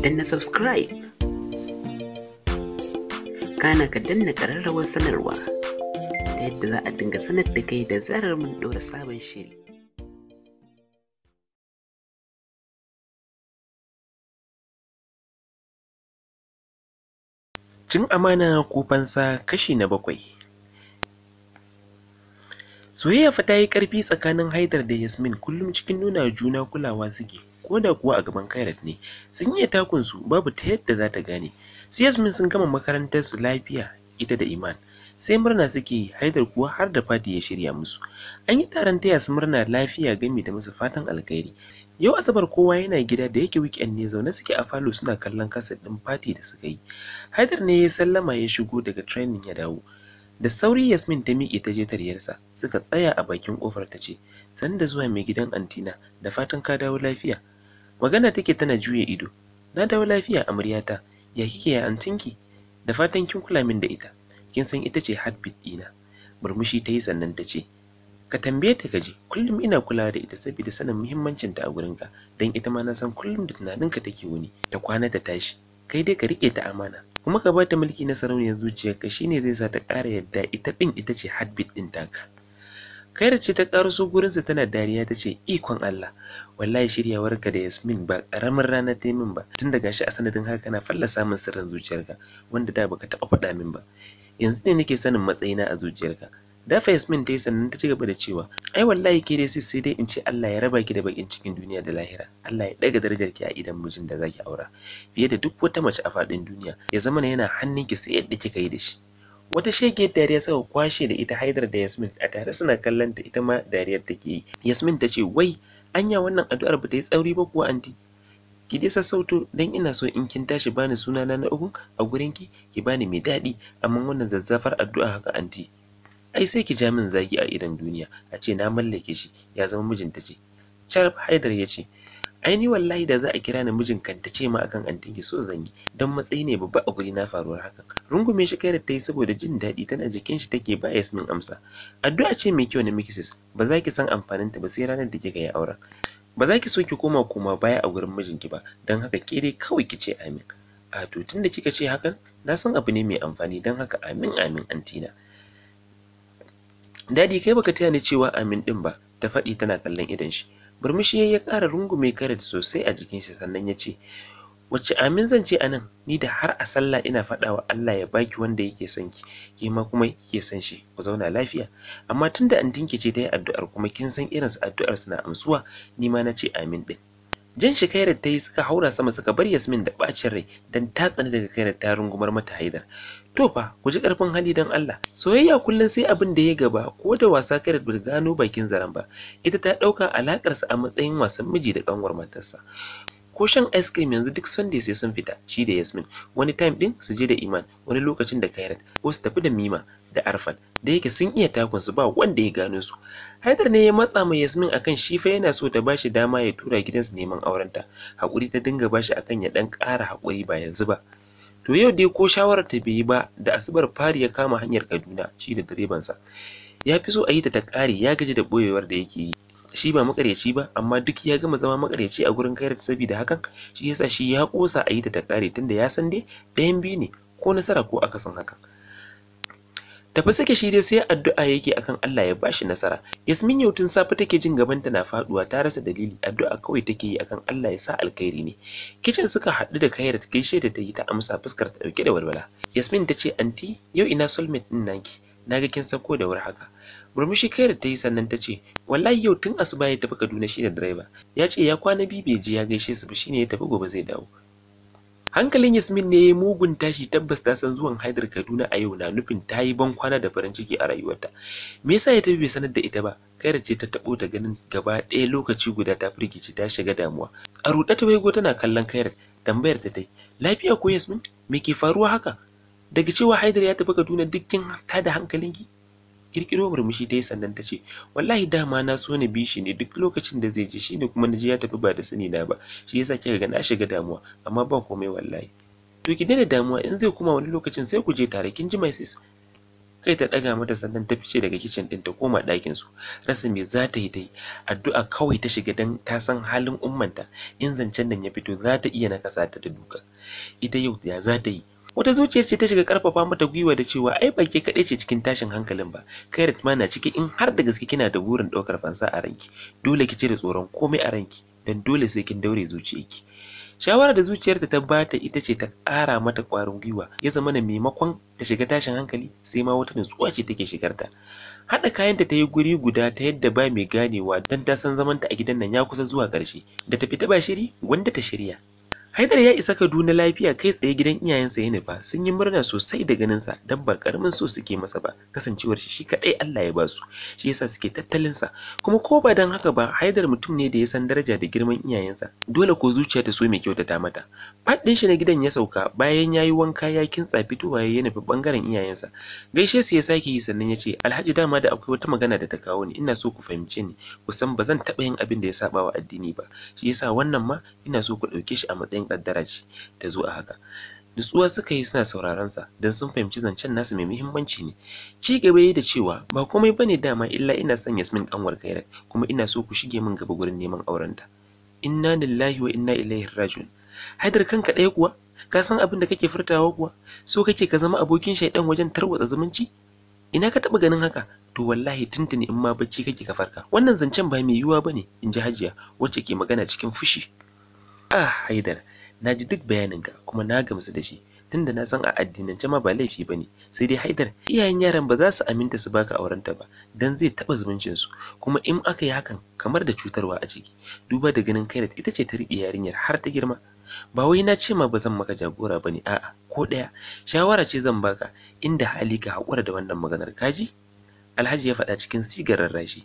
danna subscribe kana ka danna ƙararrawar sanarwa ta yadda za a dinga sanar da kai da zarar mun ɗora sabon shiri cin amana ko fansa kashi na bakwai soyayya fa ta yi ƙarfi tsakanin haidar da yasmin kullum cikin nuna juna kulawa suke koda da kuwa a gaban Kairat ne sun iya takun su babu ta yadda za ta gane su Yasmin sun gama makarantar su lafiya ita da Iman sai murna suke yi haidar kuwa har da fati ya shirya musu an yi taron taya su murna lafiya gami da musu fatan alkhairi yau asabar kowa yana gida da yake weekend ne zaune suke a falo suna kallon kasar din fati da suka yi haidar ne ya sallama ya shigo daga training ya dawo da sauri yasmin ta miƙe ta je taryarsa suka tsaya a bakin kofar ta ce sanda zuwa mai gidan antina da fatan ka dawo lafiya Magana take tana juya ido. Na dawo lafiya amaryata. Ya kike ya antinki? Da fatan kin kula min da ita. Kin san ita ce heartbeat dina. Murmushi ta yi sannan ta ce, Ka tambaye ta kaji, kullum ina kulawa da ita saboda sanin muhimmancinta a ka don ita ma na san kullum da tunanin ka take wuni, ta kwana ta tashi. Kai dai ka rike ta amana, kuma ka ba ta mulki na sarauniyar zuciyarka shine zai sa ta ƙara yadda ita din ita ce heartbeat ɗin taka. da ce ta gurin gurinsa tana dariya ta ce, Ikon Allah, wallahi shiryawar ka da Yasmin ba ƙaramin rana ta min ba tun daga shi a sanadin haka kana fallasa min sirrin zuciyarka wanda da baka taɓa faɗa min ba yanzu ne nake sanin matsayina a zuciyarka fa Yasmin ta yi sannan ta cigaba da cewa ai wallahi ke dai sai dai in ce Allah ya raba ki da bakin cikin duniya da lahira Allah ya daga darajar ki a idan mijin da zaki aura fiye da duk wata mace a faɗin duniya ya zama yana hannun ki sai yadda kika yi da shi wata shegiyar dariya suka kwashe da ita Haidar da Yasmin a tare suna kallon ta ita ma dariyar take yi Yasmin ta ce wai anya wannan addu'ar ba ta yi tsauri ba kuwa anti ki dai sassauto dan ina so in kin tashi bani suna na uku a gurin ki ki bani mai daɗi amma wannan zazzafar addu'a haka anti ai sai ki ja min zagi a idan duniya a ce na mallake shi ya zama mijinta ce Charif Haidar ya ce aini wallahi da za a kira ni mijin kan ta ce ma akan ki so zan yi dan matsayi ne babba a guri na faruwar hakan rungume shi kai da ta yi saboda jin daɗi tana jikin shi take ba Yasmin amsa addu'a ce mai kyau na miki sis ba za ki san amfanin ta ba sai ranar da kika yi auren ba za ki so ki koma koma baya a gurin mijinki ba dan haka ke dai kawai ki ce amin a to tunda kika ce hakan na san abu ne mai amfani dan haka amin amin antina dadi kai baka taya ni cewa amin din ba ta faɗi tana kallon idon shi Burmushi ya ƙara rungume karat sosai a jikinsa sannan ya ce, Wace amin zan ce anan ni da har a sallah ina faɗa wa Allah ya baki wanda yake son ki, ke ma kuma kike son shi, ku zauna lafiya. Amma tunda an dinkice ce ta addu'ar kuma kin san irinsu addu'ar suna amsuwa, ni ma na ce amin ɗin. Jan shi Kairat ta yi suka haura sama suka bar Yasmin da bacin rai don ta tsani daga Kairat ta rungumar mata Haidar. To fa ku ji ƙarfin hali don Allah. Soyayya kullum sai abin da ya gaba ko da wasa Kairat bai gano bakin zaren ba. Ita ta ɗauka alaƙarsa a matsayin wasan miji da ƙanwar matarsa. ko shan ice cream yanzu duk Sunday sai sun fita shi da Yasmin wani time din su je da Iman wani lokacin da Kairat ko su tafi da Mima da Arfan da yake sun iya takun su ba wanda ya gano su. Haidar ne ya matsa mai Yasmin akan shi fa yana so ta bashi dama ya tura gidansu neman aurenta. Hakuri ta dinga bashi akan ya dan ƙara hakuri ba yanzu ba. To yau dai ko shawarar ta bai yi ba da asubar fari ya kama hanyar Kaduna shi da direbansa. Ya fi so a yi ta ta ƙare ya gaji da boyewar da yake yi. Shi ba makaryaci ba amma duk ya gama zama makaryaci a gurin kayar saboda hakan shi yasa shi ya kosa a yi ta ta ƙare tunda ya san dai ɗayan biyu ne ko nasara ko akasin hakan. tafi sake shi dai sai addu'a yake akan Allah ya bashi nasara Yasmin yau tun safe take jin ta na faduwa ta rasa dalili addu'a kawai take yi akan Allah ya sa alkhairi ne kitchen suka haɗu da kayar ta gaishe da ta yi ta amsa fuskar ta dauke da walwala Yasmin ta ce anti yau ina soulmate din naki naga kin sako da wuri haka murmushi kayar ta yi sannan ta ce wallahi yau tun asuba ya tafi Kaduna shi da direba ya ce ya kwana biyu bai je ya gaishe su bashi shine ya tafi gobe zai dawo Hankalin Yasmin ne ya mugun tashi tabbas ta san zuwan Haidar Kaduna a yau na nufin ta yi ban kwana da farin ciki a rayuwarta. Me yasa ya tafi bai sanar da ita ba? Kaira ce ta tabo ta ganin gaba ɗaya lokaci guda ta firgici ta shiga damuwa. A ruɗe ta waigo tana kallon Kayar, tambayar ta tai, "Lafiya ko Yasmin? Me ke faruwa haka?" Daga cewa Haidar ya tafi Kaduna dukkin ta da hankalinki? kirkiro murmushi ta yi sannan ta ce wallahi dama na so na bi shi ne duk lokacin da zai je shi ne kuma na ji ya tafi ba da sani na ba shi yasa kika ga na shiga damuwa amma ba komai wallahi to ki daina damuwa in zai kuma wani lokacin sai ku je tare kin ji mai sis kai ta daga mata sannan ta fice daga kicin din ta koma ɗakin su rasa me za ta yi ta addu'a kawai ta shiga dan ta san halin ummanta in zancen nan ya fito za ta iya nakasa ta ta duka ita yau ya za ta yi wata zuciyar ce ta shiga karfafa mata gwiwa da cewa ai ba ke kaɗai ce cikin tashin hankalin ba kai ma na ciki in har da gaske kina da burin ɗaukar fansa a ranki dole ki cire tsoron komai a ranki don dole sai kin daure zuciyarki Shawara da zuciyar ta bata ita ce ta ƙara mata ƙwarin gwiwa ya zama na maimakon ta shiga tashin hankali sai ma wata nutsuwa ce take shigarta haɗa kayanta ta yi guri guda ta yadda ba mai ganewa don ta san zamanta a gidan nan ya kusa zuwa ƙarshe da ta fita ba shiri gwanda ta shirya Haidar ya isa Kaduna lafiya kai tsaye gidan iyayensa yana ba. sun yi murna sosai da ganinsa don ba karamin so suke masa ba kasancewar shi shi kaɗai Allah ya basu shi yasa suke tattalinsa kuma ko ba dan haka ba Haidar mutum ne da ya san daraja da girman iyayensa dole ko zuciya ta so mai kyautata mata faɗin shi na gidan ya sauka bayan ya yi wanka ya kintsa fitowa ya bi bangaren iyayensa gaishe su ya sake yi sannan ya ce Alhaji dama da akwai wata magana da ta kawo ni ina so ku fahimce ni kusan ba zan taɓa yin abin da ya saba wa addini ba shi yasa wannan ma ina so ku dauke shi a matsayin matsayin ƙaddara ce ta zo a haka nutsuwa suka yi suna sauraron sa don sun fahimci zancen nasa mai muhimmanci ne ci gaba da cewa ba komai bane dama illa ina son Yasmin kanwar ne, kuma ina so ku shige min gaba gurin neman aurenta inna lillahi wa inna ilaihi rajiun haidar kanka ɗaya kuwa ka san abin da kake furtawa kuwa so kake ka zama abokin shaidan wajen tarwatsa zumunci ina ka taba ganin haka to wallahi tuntuni in ma bacci kake ka farka wannan zancen ba mai yiwuwa bane in ji hajiya wacce ke magana cikin fushi ah haidar na ji duk bayaninka kuma na gamsu da shi tunda na san a addinance ma ba laifi ba ne. sai dai haidar iyayen yaran ba za su aminta su baka aurenta ba dan zai taba zumuncin su kuma in aka yi hakan kamar da cutarwa a ciki duba da ganin kai da ita ce ta riƙe yarinyar har ta girma ba wai na ce ma ba zan maka jagora ba ne. a'a ko ɗaya shawara ce zan baka inda hali ka haƙura da wannan maganar kaji alhaji ya faɗa cikin sigarar rashi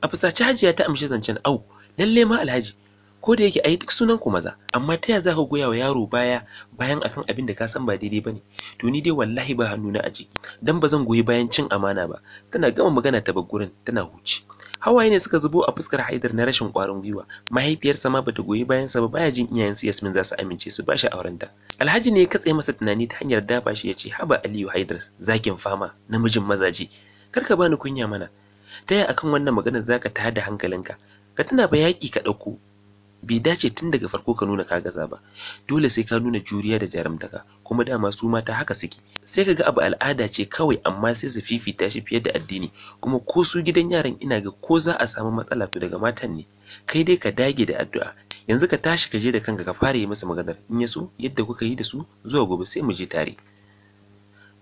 a fusace hajiya ta amshi zancen au lalle ma alhaji ko da yake ayi duk sunan ku maza amma ta yaya za ka goya wa yaro baya bayan akan abin da ka san ba daidai bane to ni dai wallahi ba hannuna a jiki dan ba zan goyi bayan cin amana ba tana gama magana ta bagurin. tana huci hawaye ne suka zubo a fuskar haidar na rashin kwarin gwiwa mahaifiyarsa ma bata goyi bayan sa ba baya jin iyayensu yasmin za su amince su bashi aurenta alhaji ne ya katse masa tunani ta hanyar dafa shi ya ce haba aliyu haidar zakin fama namijin mazaje kar ka bani kunya mana ta yaya akan wannan maganar zaka tada hankalinka ka tana ba yaƙi ka ɗauko bai dace tun daga farko ka nuna ka gaza ba dole sai ka nuna juriya da jarumtaka kuma dama su mata haka suke sai ka ga abu al'ada ce kawai amma sai su fifita shi fiye da addini kuma ko su gidan yaran ina ga ko za a samu matsala to daga matan ne kai dai ka dage da addu'a yanzu ka tashi ka je da kanka ka fara yi masa maganar in ya so yadda kuka yi da su zuwa gobe sai mu je tare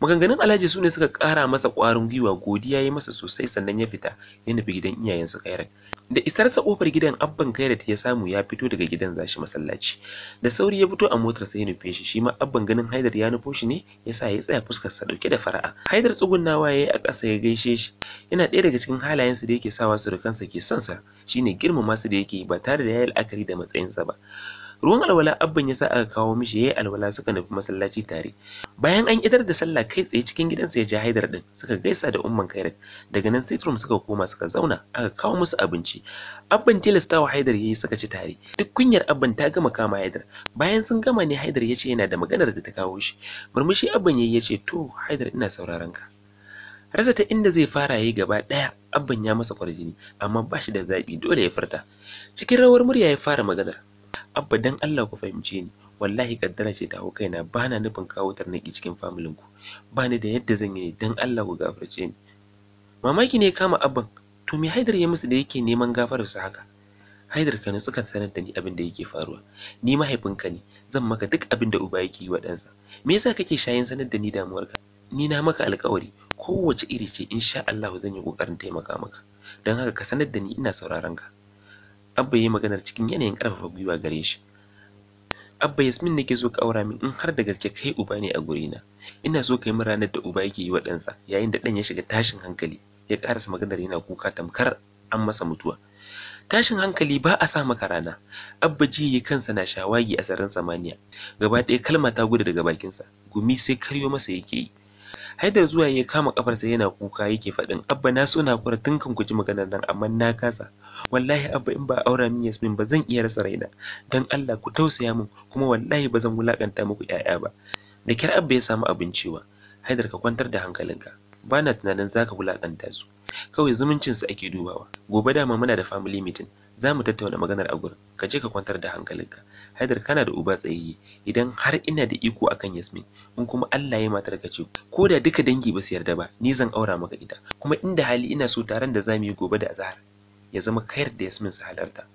maganganun alhaji su ne suka kara masa kwarin gwiwa godiya ya masa sosai sannan ya fita ya nufi gidan iyayensu kairan. Da isarsa kofar gidan abban Kairat ya samu ya fito daga gidan zashi masallaci. Da sauri ya fito a motar sai ya nufe shi shi ma abban ganin Haidar ya nufo shi ne ya sa ya tsaya fuskar sa dauke da fara'a. Haidar tsugunnawa yi a ƙasa ya gaishe shi. Yana ɗaya daga cikin halayensa da yake sawa su surukansa ke son sa shine girmama su da yake ba tare da ya yi la'akari da matsayinsa ba. ruwan alwala abban ya sa aka kawo mishi yayi alwala suka nufi masallaci tare bayan an idar da sallah kai tsaye cikin gidansa ya ja haidar din suka gaisa da umman kairat daga nan sai turum suka koma suka zauna aka kawo musu abinci abban tilastawa haidar yayi suka ci tare duk kunyar abban ta gama kama haidar bayan sun gama ne haidar ya ce yana da maganar da ta kawo shi murmushi abban yayi ya ce to haidar ina sauraron ka rasa ta inda zai fara yi gaba ɗaya abban ya masa kwarjini amma ba shi da zaɓi dole ya farta. cikin rawar murya ya fara maganar abba dan Allah ku fahimce ni wallahi kaddara ce ta kaina bana na nufin kawo tarnaki cikin familin ku ba da yadda zan yi dan Allah ku gafarce ni mamaki ne kama abban to me haidar ya musu da yake neman gafarar su haka haidar ka nutsu ka sanar da ni abin da yake faruwa ni mahaifinka ne zan maka duk abin da uba yake yi wa ɗansa me yasa kake shayin sanar da ni ka? ni na maka alƙawari. kowace iri ce insha Allah zan yi kokarin taimaka maka don haka ka sanar da ni ina sauraron ka Abba ya yi maganar cikin yanayin ƙarfafa gwiwa gare shi. Abba Yasmin nake so ka aura min in har da gaske kai uba ne a na Ina so ka yi min ranar da uba yake yi wa ɗansa yayin da ɗan ya shiga tashin hankali ya ƙarasa maganar yana kuka tamkar an masa mutuwa. Tashin hankali ba a sa maka rana. Abba ji yi kansa na shawagi a sararin samaniya. Gaba ɗaya kalma ta gudu daga bakinsa. Gumi sai karyo masa yake yi. Haidar zuwa ya kama kafarsa yana kuka yake faɗin Abba na so na kura tun kan ku ji maganar nan amma na kasa. wallahi abba in ba aura min yasmin ba zan iya rasa raina dan Allah ku tausaya min kuma wallahi ba zan wulakanta muku yaya ba da kyar abba ya samu abinciwa haidar ka kwantar da hankalinka bana tunanin zaka wulakanta su kawai zumuncin su ake dubawa gobe dama muna da family meeting za mu tattauna maganar a gurin ka je ka kwantar da hankalinka haidar kana da uba tsayayye idan har ina da iko akan yasmin in kuma Allah ya matar ka ce ko da duka dangi ba su yarda ba ni zan aura maka ita kuma inda hali ina so taron da zamu yi gobe da azhar ya zama kayar da yasmin su halarta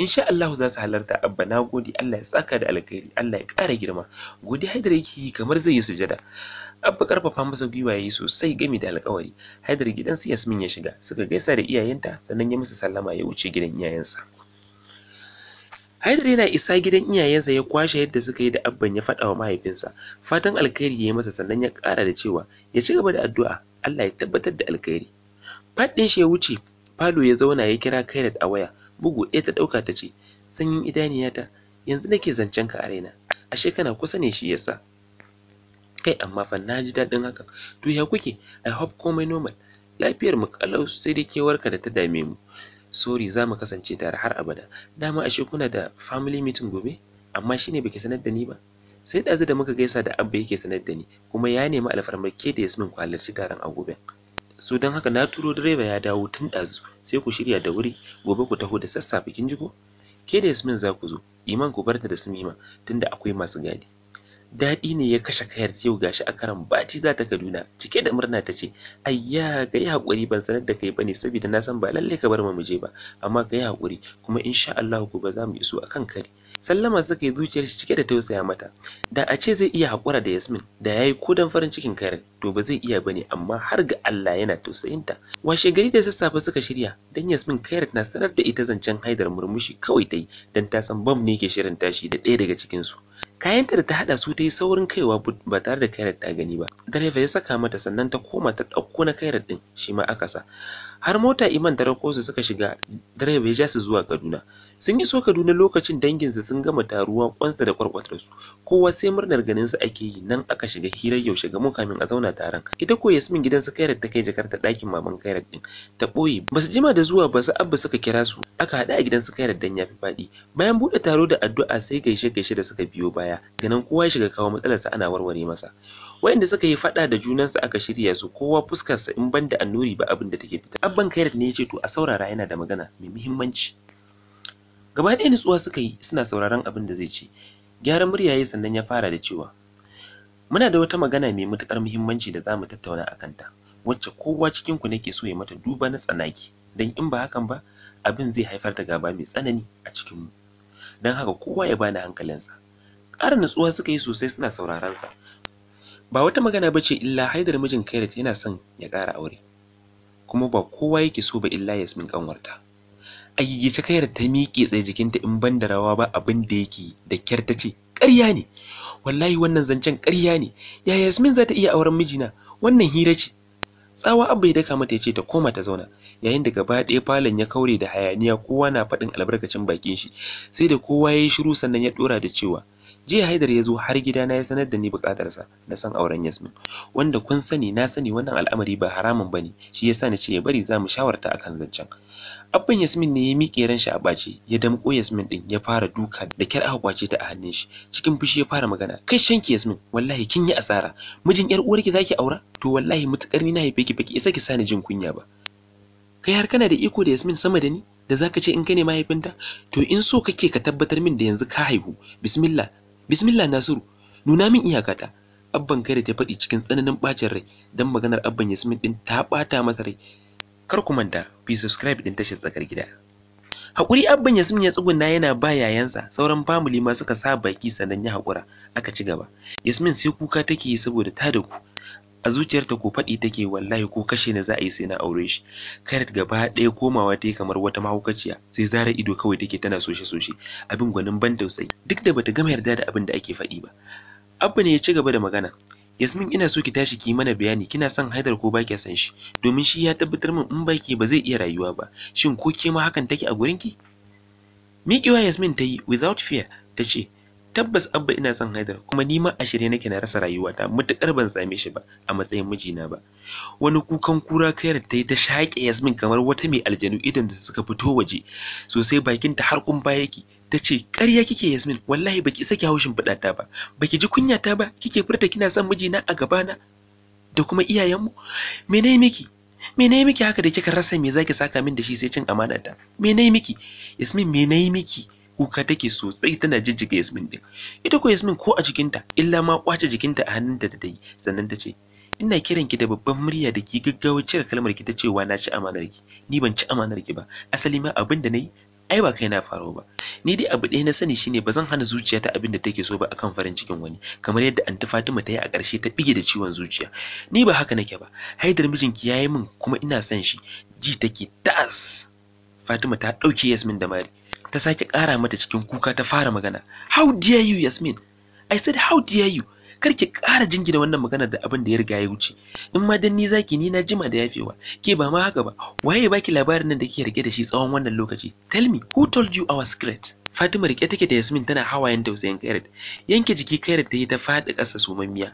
insha Allahu za su halarta abba na gode Allah ya tsaka da alkhairi Allah ya ƙara girma gode haidar yake yi kamar zai yi sujada abba karfafa masa gwiwa yayi sosai game da alƙawari haidar gidansu yasmin ya shiga suka gaisa da iyayenta sannan ya musu sallama ya wuce gidan iyayensa Haidar yana isa gidan iyayensa ya kwashe yadda suka yi da abban ya faɗa wa mahaifinsa fatan alkhairi ya yi masa sannan ya ƙara da cewa ya ci gaba da addu'a Allah ya tabbatar da alkhairi faɗin shi ya wuce Falo ya zauna ya kira Kairat a waya, bugu ɗaya ta ɗauka ta ce, sanyin idaniyata, yanzu nake zancen ka a raina, ashe kana kusa ne shi yasa. Kai amma fa na ji daɗin hakan, to ya kuke, I hope komai normal, lafiyar mu kalau sai dai kewarka da ta dame mu. Sorry za mu kasance tare har abada, dama ashe kuna da family meeting gobe, amma shine baki sanar da ni ba. Sai ɗazu da muka gaisa da Abba yake sanar da ni, kuma ya nemi alfarmar ke da Yasmin ku halarci taron a gobe. so don haka na turo direba ya dawo tun ɗazu sai ku shirya da wuri gobe ku taho da sassafe kin jigo ke da yasmin za ku zo iman ku barta da sumima tunda akwai masu gadi daɗi ne ya kashe kayar yau gashi a karan Bati za ta kaduna cike da murna ta ce ayya ga yi haƙuri ban sanar da kai ba ne saboda na san ba lallai ka bar mu je ba amma ka yi haƙuri kuma insha Allah gobe za mu iso akan kari sallama suka yi zuciyar shi cike da tausaya mata da a ce zai iya haƙura da yasmin da ya yi kodan farin cikin karen to ba zai iya bane amma har ga allah yana tausayinta washe gari da sassafe suka shirya don yasmin kairat na sanar da ita zancen haidar murmushi kawai ta yi don ta san bam ne ke shirin tashi da ɗaya daga cikinsu kayanta da ta haɗa su ta yi saurin kaiwa ba tare da kairat ta gani ba direba ya saka mata sannan ta koma ta ɗauko na kairat ɗin shi ma aka sa har mota iman da su suka shiga direba ya ja su zuwa kaduna sun iso kaduna lokacin danginsa sun gama taruwa kwansa da kwarkwatarsu kowa sai murnar ganin su ake yi nan aka shiga hirar yaushe ga kamin a zauna taron ita ko yasmin gidansa kairat ta kai jakarta ɗakin maman kairat din ta boye basu jima da zuwa ba su abba suka kira su aka haɗu a gidansa kairat dan ya fi fadi. bayan buɗe taro da addu'a sai gaishe gaishe da suka biyo baya ganin kowa ya shiga kawo matsalarsa ana warware masa wayanda suka yi fada da junansu aka shirya su kowa fuskarsa in banda annuri ba abin da take fita abban kairat ne ya ce to a saurara yana da magana mai muhimmanci gaba ɗaya nutsuwa suka yi suna sauraron abin da zai ce gyaran murya yayi sannan ya fara da cewa muna da wata magana mai matuƙar muhimmanci da za mu tattauna a kanta wacce kowa cikin ku nake so ya mata duba na tsanaki don in ba hakan ba abin zai haifar da gaba mai tsanani a cikin mu don haka kowa ya bani hankalinsa ƙara nutsuwa suka yi sosai suna sauraron sa ba wata magana ba ce illa haidar mijin kairat yana son ya ƙara aure kuma ba kowa yake so ba illa yasmin ƙanwarta a gigice kayar ta miƙe tsaye jikinta in ban da rawa ba abin da yake da kyar ta ce ƙarya ne wallahi wannan zancen ƙarya ne ya yasmin za ta iya auren mijina wannan hira ce tsawa abba ya daka mata ya ce ta koma ta zauna yayin da gaba ɗaya falon ya kaure da hayaniya kowa na faɗin albarkacin bakin shi sai da kowa ya yi shiru sannan ya ɗora da cewa jiya haidar ya zo har gidana ya sanar da ni bukatarsa na san auren yasmin wanda kun sani na sani wannan al'amari ba haramun bane shi yasa na ce ya bari za mu shawarta akan zancen abban yasmin ne ya miƙe ran shi a ɓace, ya damƙo yasmin ɗin ya fara duka da kyar aka kwace ta a hannun shi cikin fushi ya fara magana kai shanki yasmin wallahi kin yi asara mijin yar uwarki ki aura to wallahi mutukar ni na haife ki baki isa ki sani jin kunya ba kai har kana da iko da yasmin sama da ni da za ka ce in ka ne mahaifinta to in so kake ka tabbatar min da yanzu ka haihu bismillah bismillah nasiru nuna min iyakata abban kai da ta faɗi cikin tsananin bacin rai don maganar abban yasmin ɗin ta ɓata masa rai kar ku manta ku yi subscribe din tashar tsakar gida Hakuri abban Yasmin ya tsuguna yana ba yayansa, sauran family ma suka sa baki sannan ya haƙura, aka ci gaba. Yasmin sai kuka take yi saboda ta da ku, a zuciyarta ko faɗi take wallahi ko kashe ni za a yi sai na aure shi kairat gaba ɗaya komawa ta yi kamar wata mahaukaciya sai zara ido kawai take tana soshe soshe abin gwanin ban tausayi duk da bata gama yarda da abin da ake faɗi ba abba ne ya ci gaba da magana Yasmin ina so ki tashi ki mana bayani kina son Haidar ko ba kya san shi domin shi ya tabbatar min in baki ba zai iya rayuwa ba shin ko ke ma hakan take a gurin ki Miƙewa Yasmin ta yi without fear ta ce tabbas abba ina son haidar kuma ni ma a shirye nake na rasa rayuwata mutukar ban same shi ba a matsayin mijina ba wani kukan kura kayar ta yi ta shaƙe yasmin kamar wata mai aljanu idan da suka fito waje sosai bakin ta har baya yake ta ce ƙarya kike yasmin wallahi baki saki haushin fadata ba baki ji kunyata ba kike furta kina son mijina a gabana da kuma iyayenmu mene miki mene miki haka da kika rasa me zaki saka min da shi sai cin amana ta mene miki yasmin mene miki kuka take sai tana jijjiga Yasmin din. Ita ko Yasmin ko a jikinta illa ma kwace jikinta a hannunta da ta sannan ta ce ina kiran ki da babban murya da ki gaggawa cire kalmar ki ta cewa na ci amanar ki ni ban ci amanar ki ba asali ma abin da nayi ai ba kai na faro ba ni dai abu ɗaya na sani shine ba zan hana zuciya ta abin da take so ba akan farin cikin wani kamar yadda anti Fatima ta yi a ƙarshe ta bige da ciwon zuciya ni ba haka nake ba haidar mijinki yayi min kuma ina son shi ji take tas Fatima ta ɗauke Yasmin da Mari ta sake ƙara mata cikin kuka ta fara magana how dare you yasmin i said how dare you kar ki ƙara jingina wannan magana da abin da ya riga ya wuce in ma dan ni zaki ni na jima da yafewa ke ba ma haka ba waye baki labarin nan da kike rike da shi tsawon wannan lokaci tell me who told you our secret Fatima rike take da Yasmin tana hawayen tausayin Kairat yanke jiki Kairat ta yi ta faɗi ƙasa sumammiya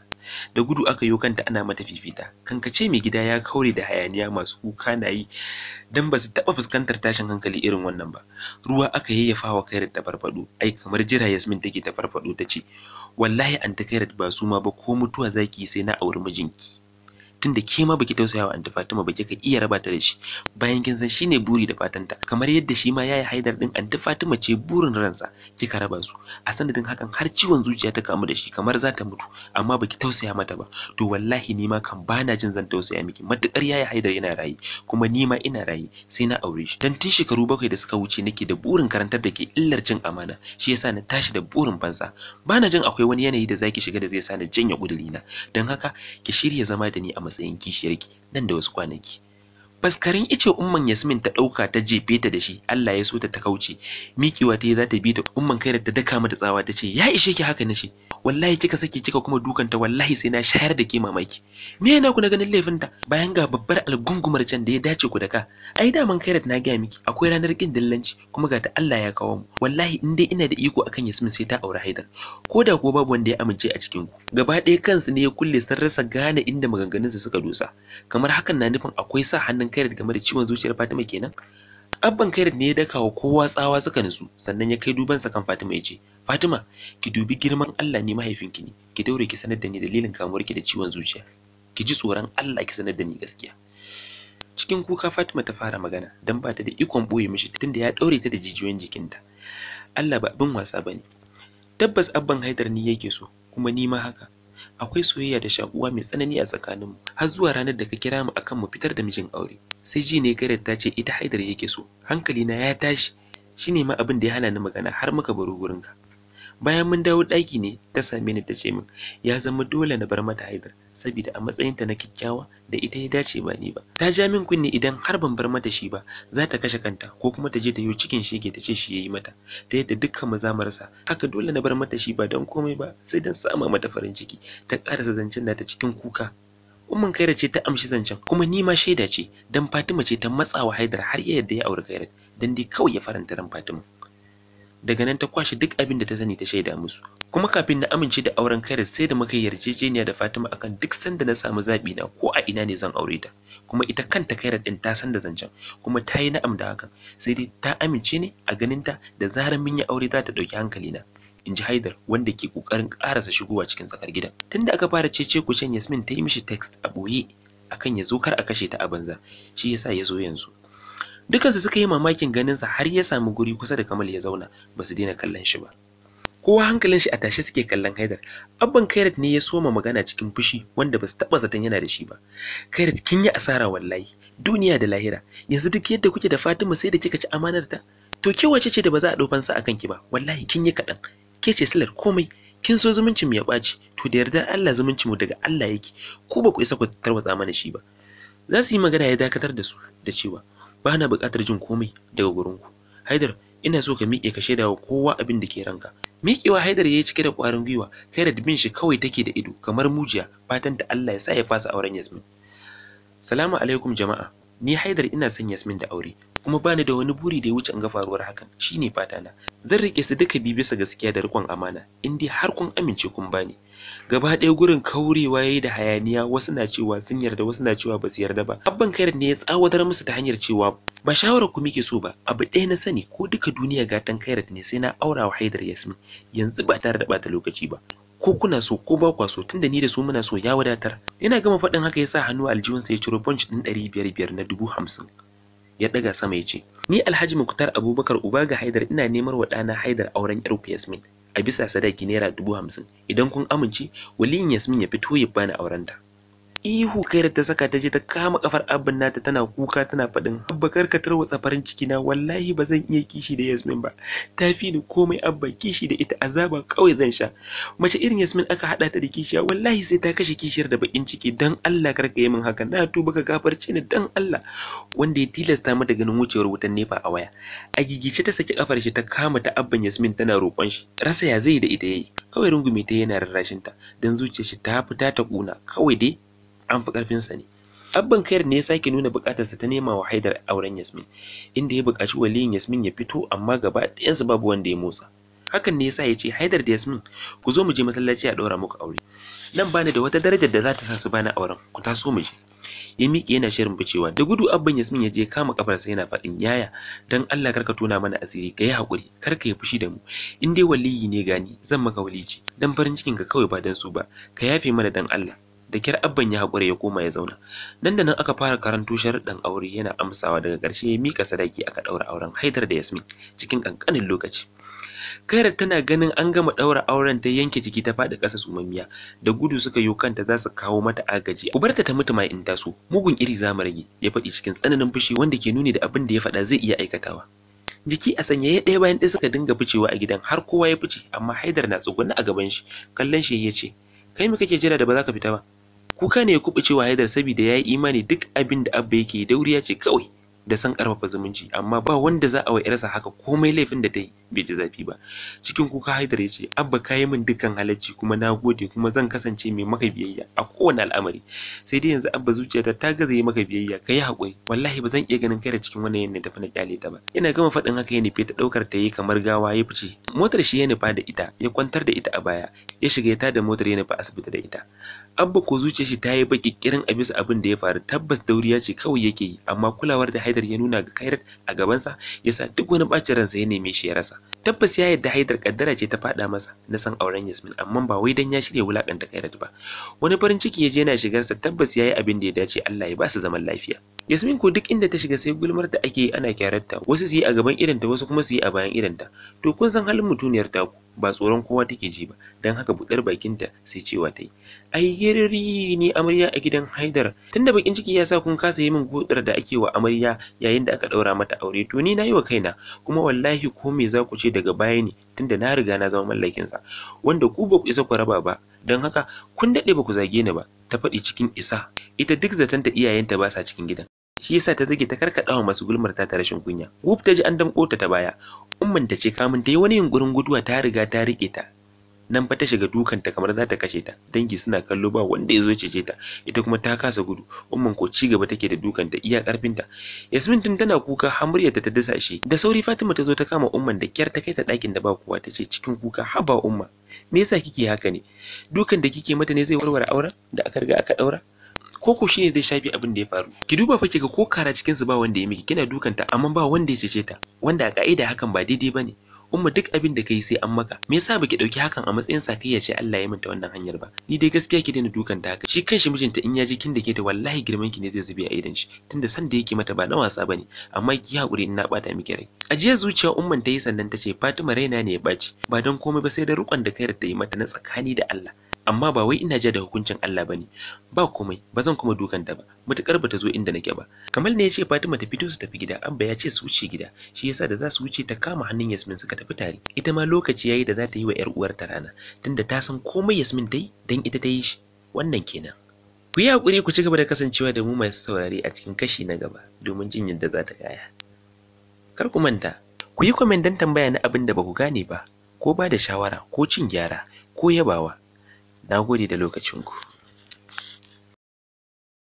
da gudu aka yi kanta ana mata fifita kankace mai gida ya kaure da hayaniya masu kuka na yi dan ba su taba fuskantar tashin hankali irin wannan ba ruwa aka yayyafa wa kairat ta farfado ai kamar jira yasmin take ta farfado ta ce wallahi an ta kairat ba su ma ba ko mutuwa zaki sai na auri mijinki tunda ke ma baki tausaya wa anti Fatima baki ka iya raba ta da shi bayan kin san shine buri da fatanta kamar yadda shi ma yayi haidar din anti Fatima ce burin ransa kika raba su a sanadin hakan har ciwon zuciya ta kamu da shi kamar za ta mutu amma baki tausaya mata ba to wallahi ni ma kan bana jin zan tausaya miki matukar yayi haidar yana rayi kuma ni ma ina rayi sai na aure shi dan tun shekaru bakwai da suka wuce nake da burin karantar da ke illar cin amana shi yasa na tashi da burin fansa bana jin akwai wani yanayi da zaki shiga da zai sa ni janye kudurina dan haka ki shirya zama da ni a matsayin kishiyarki nan da wasu kwanaki faskarin ice umman yasmin ta ɗauka ta jefe ta da shi Allah ya so ta ta kauce mikiwa ta za ta bi ta umman kai ta daka mata tsawa ta ce ya ishe ki haka shi. wallahi kika saki kika kuma dukan ta wallahi sai na shayar da ke mamaki me yana ku na ganin laifinta bayan ga babbar algungumar can da ya dace ku da ka ai daman kairat na gaya miki akwai ranar kin dillanci kuma ga ta Allah ya kawo mu wallahi in dai ina da iko akan yasmin sai ta aure haidar ko da kuwa babu wanda ya amince a cikin ku gaba ɗaya kansu ne ya kulle sun rasa gane inda maganganunsu suka dosa kamar hakan na nufin akwai sa hannun gidan Kairat game da ciwon zuciyar Fatima kenan abban Kairat ne ya daka wa kowa tsawa suka nutsu sannan ya kai duban sakan Fatima ya ce Fatima ki dubi girman Allah ne mahaifinki ne ki daure ki sanar da ni dalilin kamuwarki da ciwon zuciya ki ji tsoron Allah ki sanar da ni gaskiya cikin kuka Fatima ta fara magana dan ba ta da ikon boye mishi tunda ya daure ta da jijiyoyin jikinta Allah ba abin wasa bane tabbas abban Haidar ni yake so kuma ni ma haka akwai soyayya da shakuwa mai tsanani a tsakaninmu har zuwa ranar da ka kira mu akan mu fitar da mijin aure sai ji ne garar ta ce ita haidar yake so Hankalina ya tashi shine ma abin da ya hana ni magana har muka baro gurinka bayan mun dawo ɗaki ne ta same ni ta ce min ya zama dole na bar mata haidar saboda a matsayinta na kyakkyawa da ita ya dace ba ni ba ta ja min kunne idan har ban bar mata shi ba za ta kashe kanta ko kuma ta je ta yi cikin ke ta ce shi ya yi mata ta yadda dukkan mu za mu rasa haka dole na bar mata shi ba don komai ba sai don sama mata farin ciki ta ƙarasa zancen nata cikin kuka Umman kaira ce ta amshi zancen kuma ni ma shaida ce dan Fatima ce ta matsawa Haidar har ya yadda ya auri Khairat dan dai kawai ya faranta ran Fatima. daga nan ta kwashe duk abin da ta sani ta shaida musu kuma kafin na amince da auren kare sai da muka yarjejeniya da Fatima akan duk sanda na samu zabi na ko a ina ne zan aure ta kuma ita kanta Khairat din ta san da zancen kuma ta yi na'am da hakan sai dai ta amince ne a ganin ta da zarar mun yi aure za ta dauki hankali na in ji Haidar wanda ke kokarin karasa shigowa cikin tsakar gidan tunda aka fara cece ku Yasmin ta yi mishi text a boye akan ya zo kar a kashe ta a banza shi yasa ya zo yanzu dukansu suka yi mamakin ganinsa har ya samu guri kusa da kamal ya zauna ba su daina kallon shi ba kowa hankalin shi a tashe suke kallon haidar abban kairat ne ya soma magana cikin fushi wanda ba su taba zaton yana da shi ba kairat kin yi asara wallahi duniya da lahira yanzu duk yadda kuke da fatima sai da kika ci amanar ta to ke wace ce da ba za a dofan sa akan ki ba wallahi kin yi kaɗan ke ce silar komai kin so zumuncin mu ya ɓaci to da yardar Allah zumuncin mu daga Allah yake ku ba ku isa ku tarwatsa mana shi ba za su yi magana ya dakatar da su da cewa ba na buƙatar jin komai daga gurin ku haidar ina so ka miƙe ka shaidawa kowa abin da ke ranka miƙewa haidar ya yi cike da ƙwarin gwiwa kai da bin shi kawai take da ido kamar mujiya fatan ta Allah ya sa ya fasa auren yasmin salamu alaikum jama'a ni haidar ina son yasmin da aure kuma ba ni da wani buri da ya wuce in ga faruwar hakan shine fata na zan rike su duka bi bisa gaskiya da rikon amana in dai har kun amince kun bani gaba ɗaya gurin kaurewa yayi da hayaniya wasu na cewa sun yarda wasu na cewa ba su yarda ba abban kairat ne ya tsawatar musu ta hanyar cewa ba shawarar ku muke so ba abu ɗaya na sani ko duka duniya gatan kairat ne sai na aura wa haidar yasmin yanzu ba tare da bata lokaci ba ko kuna so ko ba kwa so tunda ni da su muna so ya wadatar yana gama faɗin haka ya sa hannu aljihunsa ya ciro punch ɗin ɗari biyar biyar na dubu hamsin ya ɗaga sama ya ce ni alhaji muktar abubakar uba ga haidar ina neman wa ɗana haidar auren yarku yasmin a bisa sadaki naira dubu hamsin idan kun amince waliyin yasmin ya fito ya bani aurenta ihu kai da ta saka ta je ta kama kafar abin nata tana kuka tana faɗin abba kar ka tarwatsa farin ciki na wallahi ba zan iya kishi da yasmin ba ta fi ni komai abba kishi da ita azaba kawai zan sha mace irin yasmin aka haɗa ta da kishiya wallahi sai ta kashe kishiyar da bakin ciki dan Allah kar ka yi min haka na tuba ka gafarce ni dan Allah wanda ya tilasta mata ganin wucewar wutan nefa a waya a gigice ta saki kafar shi ta kama ta abban yasmin tana roƙon shi rasa ya zai da ita yayi kawai rungume ta yana rarrashin ta dan zuciyar shi ta fita ta kuna kawai dai an fi ƙarfinsa ne abban kayar ne ya sake nuna sa ta nema wa haidar auren yasmin inda ya buƙaci waliyin yasmin ya fito amma gaba ɗayansu babu wanda ya motsa hakan ne yasa ya ce haidar da yasmin ku zo mu je masallaci a ɗaura muku aure nan bani da wata darajar da za ta sa su bani auren ku taso mu je ya miƙe yana shirin ficewa da gudu abban yasmin ya je kama ƙafarsa yana faɗin yaya dan Allah kar ka tona mana asiri ka yi haƙuri karka yi fushi da mu in dai waliyi ne gani zan maka walici dan farin cikin ka kawai ba dan su ba ka yafe mana dan Allah da kyar abban ya haƙura ya koma ya zauna nan da nan aka fara karanto sharuɗan aure yana amsawa daga ƙarshe ya mika sadaki aka ɗaura auren haidar da yasmin cikin ƙanƙanin lokaci kairat tana ganin an gama ɗaura auren ta yanke jiki ta faɗi ƙasa sumammiya da gudu suka yi kanta za su kawo mata agaji ku barta ta mutu mai in taso mugun iri za mu rage ya faɗi cikin tsananin fushi wanda ke nuni da abin da ya faɗa zai iya aikatawa jiki a ya ɗaya bayan ɗaya suka dinga ficewa a gidan har kowa ya fice amma haidar na tsugunna a gaban shi kallon shi ya ce kai mu kake jira da ba za ka fita ba kuka ne ya kubucewa haidar saboda ya yi imani duk abin da abba yake dauriya ce kawai da san karfafa zumunci amma ba wanda za a wa yarsa haka komai laifin da ta yi bai ji zafi ba cikin kuka haidar ya ce abba ka yi min dukkan halacci kuma na gode kuma zan kasance mai maka biyayya a kowane al'amari sai dai yanzu abba zuciyata ta gaza yi maka biyayya ka yi haƙuri wallahi ba zan iya ganin kai da cikin wannan yanayin tafi na kyale ta ba Ina gama faɗin haka ya nufe ta ɗaukar ta yi kamar gawa ya fice motar shi ya nufa da ita ya kwantar da ita a baya ya shiga ya tada motar ya nufa asibiti da ita Abba ko zuciyar shi ta yi baki kirin a bisa abin da ya faru tabbas dauriya ce kawai yake yi amma kulawar da Haidar ya nuna ga Kairat a gabansa ya sa duk wani bacin ransa ya neme shi ya rasa. Tabbas ya yarda Haidar kaddara ce ta faɗa masa na san auren Yasmin amma ba wai dan ya shirya wulakanta Kairat ba. Wani farin ciki ya je yana shigarsa tabbas ya yi abin da ya dace Allah ya ba su zaman lafiya. Yasmin ko duk inda ta shiga sai gulmar ta ake yi ana kyararta wasu su yi a gaban idanta wasu kuma su yi a bayan idanta to kun san halin mutuniyar taku ba tsoron kowa take ji ba dan haka buɗar bakinta sai cewa ta yi ai yariri ne amarya a gidan haidar tunda bakin ciki ya sa kun kasa yi min godar da ake wa amarya yayin da aka ɗaura mata aure to ni na yi wa kaina kuma wallahi ko me za ku ce daga baya ne tunda na riga na zama mallakinsa wanda ku ba ku isa ku raba ba dan haka kun daɗe ba ku zage ni ba ta faɗi cikin isa ita duk ta iyayenta ba sa cikin gidan shi yasa ta zage ta karkada wa masu gulmar ta rashin kunya gub ta ji an damko ta ta baya umman ta ce kamun ta yi wani yunkurin guduwa ta riga ta rike ta nan fa ta shiga dukanta kamar za ta kashe ta dangi suna kallo ba wanda ya zo cece ta ita kuma ta kasa gudu umman ko ci gaba take da dukanta iya ta yasmin tun tana kuka hamuryarta ta ta dasa shi da sauri fatima ta zo ta kama umman da kyar ta kai ta ɗakin da ba kowa ta ce cikin kuka haba umma me yasa kike haka ne dukan da kike mata ne zai warware auren da aka riga aka daura ko shi shine zai shafi abin da ya faru ki duba fa kika ko kara cikin su ba wanda ya miki kina dukanta amma ba wanda ya cece ta wanda a ka'ida hakan ba daidai bane umma duk abin da kai sai an maka me yasa baki dauki hakan a matsayin sakayya ce Allah ya minta wannan hanyar ba ni dai gaskiya ki daina dukan ta haka shi kanshi mijinta in ya ji kin da ke ta wallahi girman ki ne zai zube a idan shi tunda san da yake mata ba na wasa bane amma ki hakuri in na bata miki rai ajiya zuciya umman ta yi sannan ta ce Fatima raina ne ya baci ba don komai ba sai da rukon da kai da ta yi mata na tsakani da Allah amma ba wai ina ja da hukuncin Allah bane ba komai ba zan kuma dukan ta ba mutakar bata zo inda nake ba kamal ne ya ce Fatima ta fito su tafi gida abba ya ce su wuce gida shi yasa da za su wuce ta kama hannun Yasmin suka tafi tare ita ma lokaci yayi da za ta yi wa yar uwar ta rana tunda ta san komai Yasmin ta dan ita ta yi shi wannan kenan ku yi hakuri ku ci gaba da kasancewa da mu masu saurari a cikin kashi na gaba domin jin yadda za ta kaya kar ku manta ku yi komen don tambaya na abin da ba ku gane ba ko ba da shawara ko cin gyara ko yabawa Na gode da lokacinku.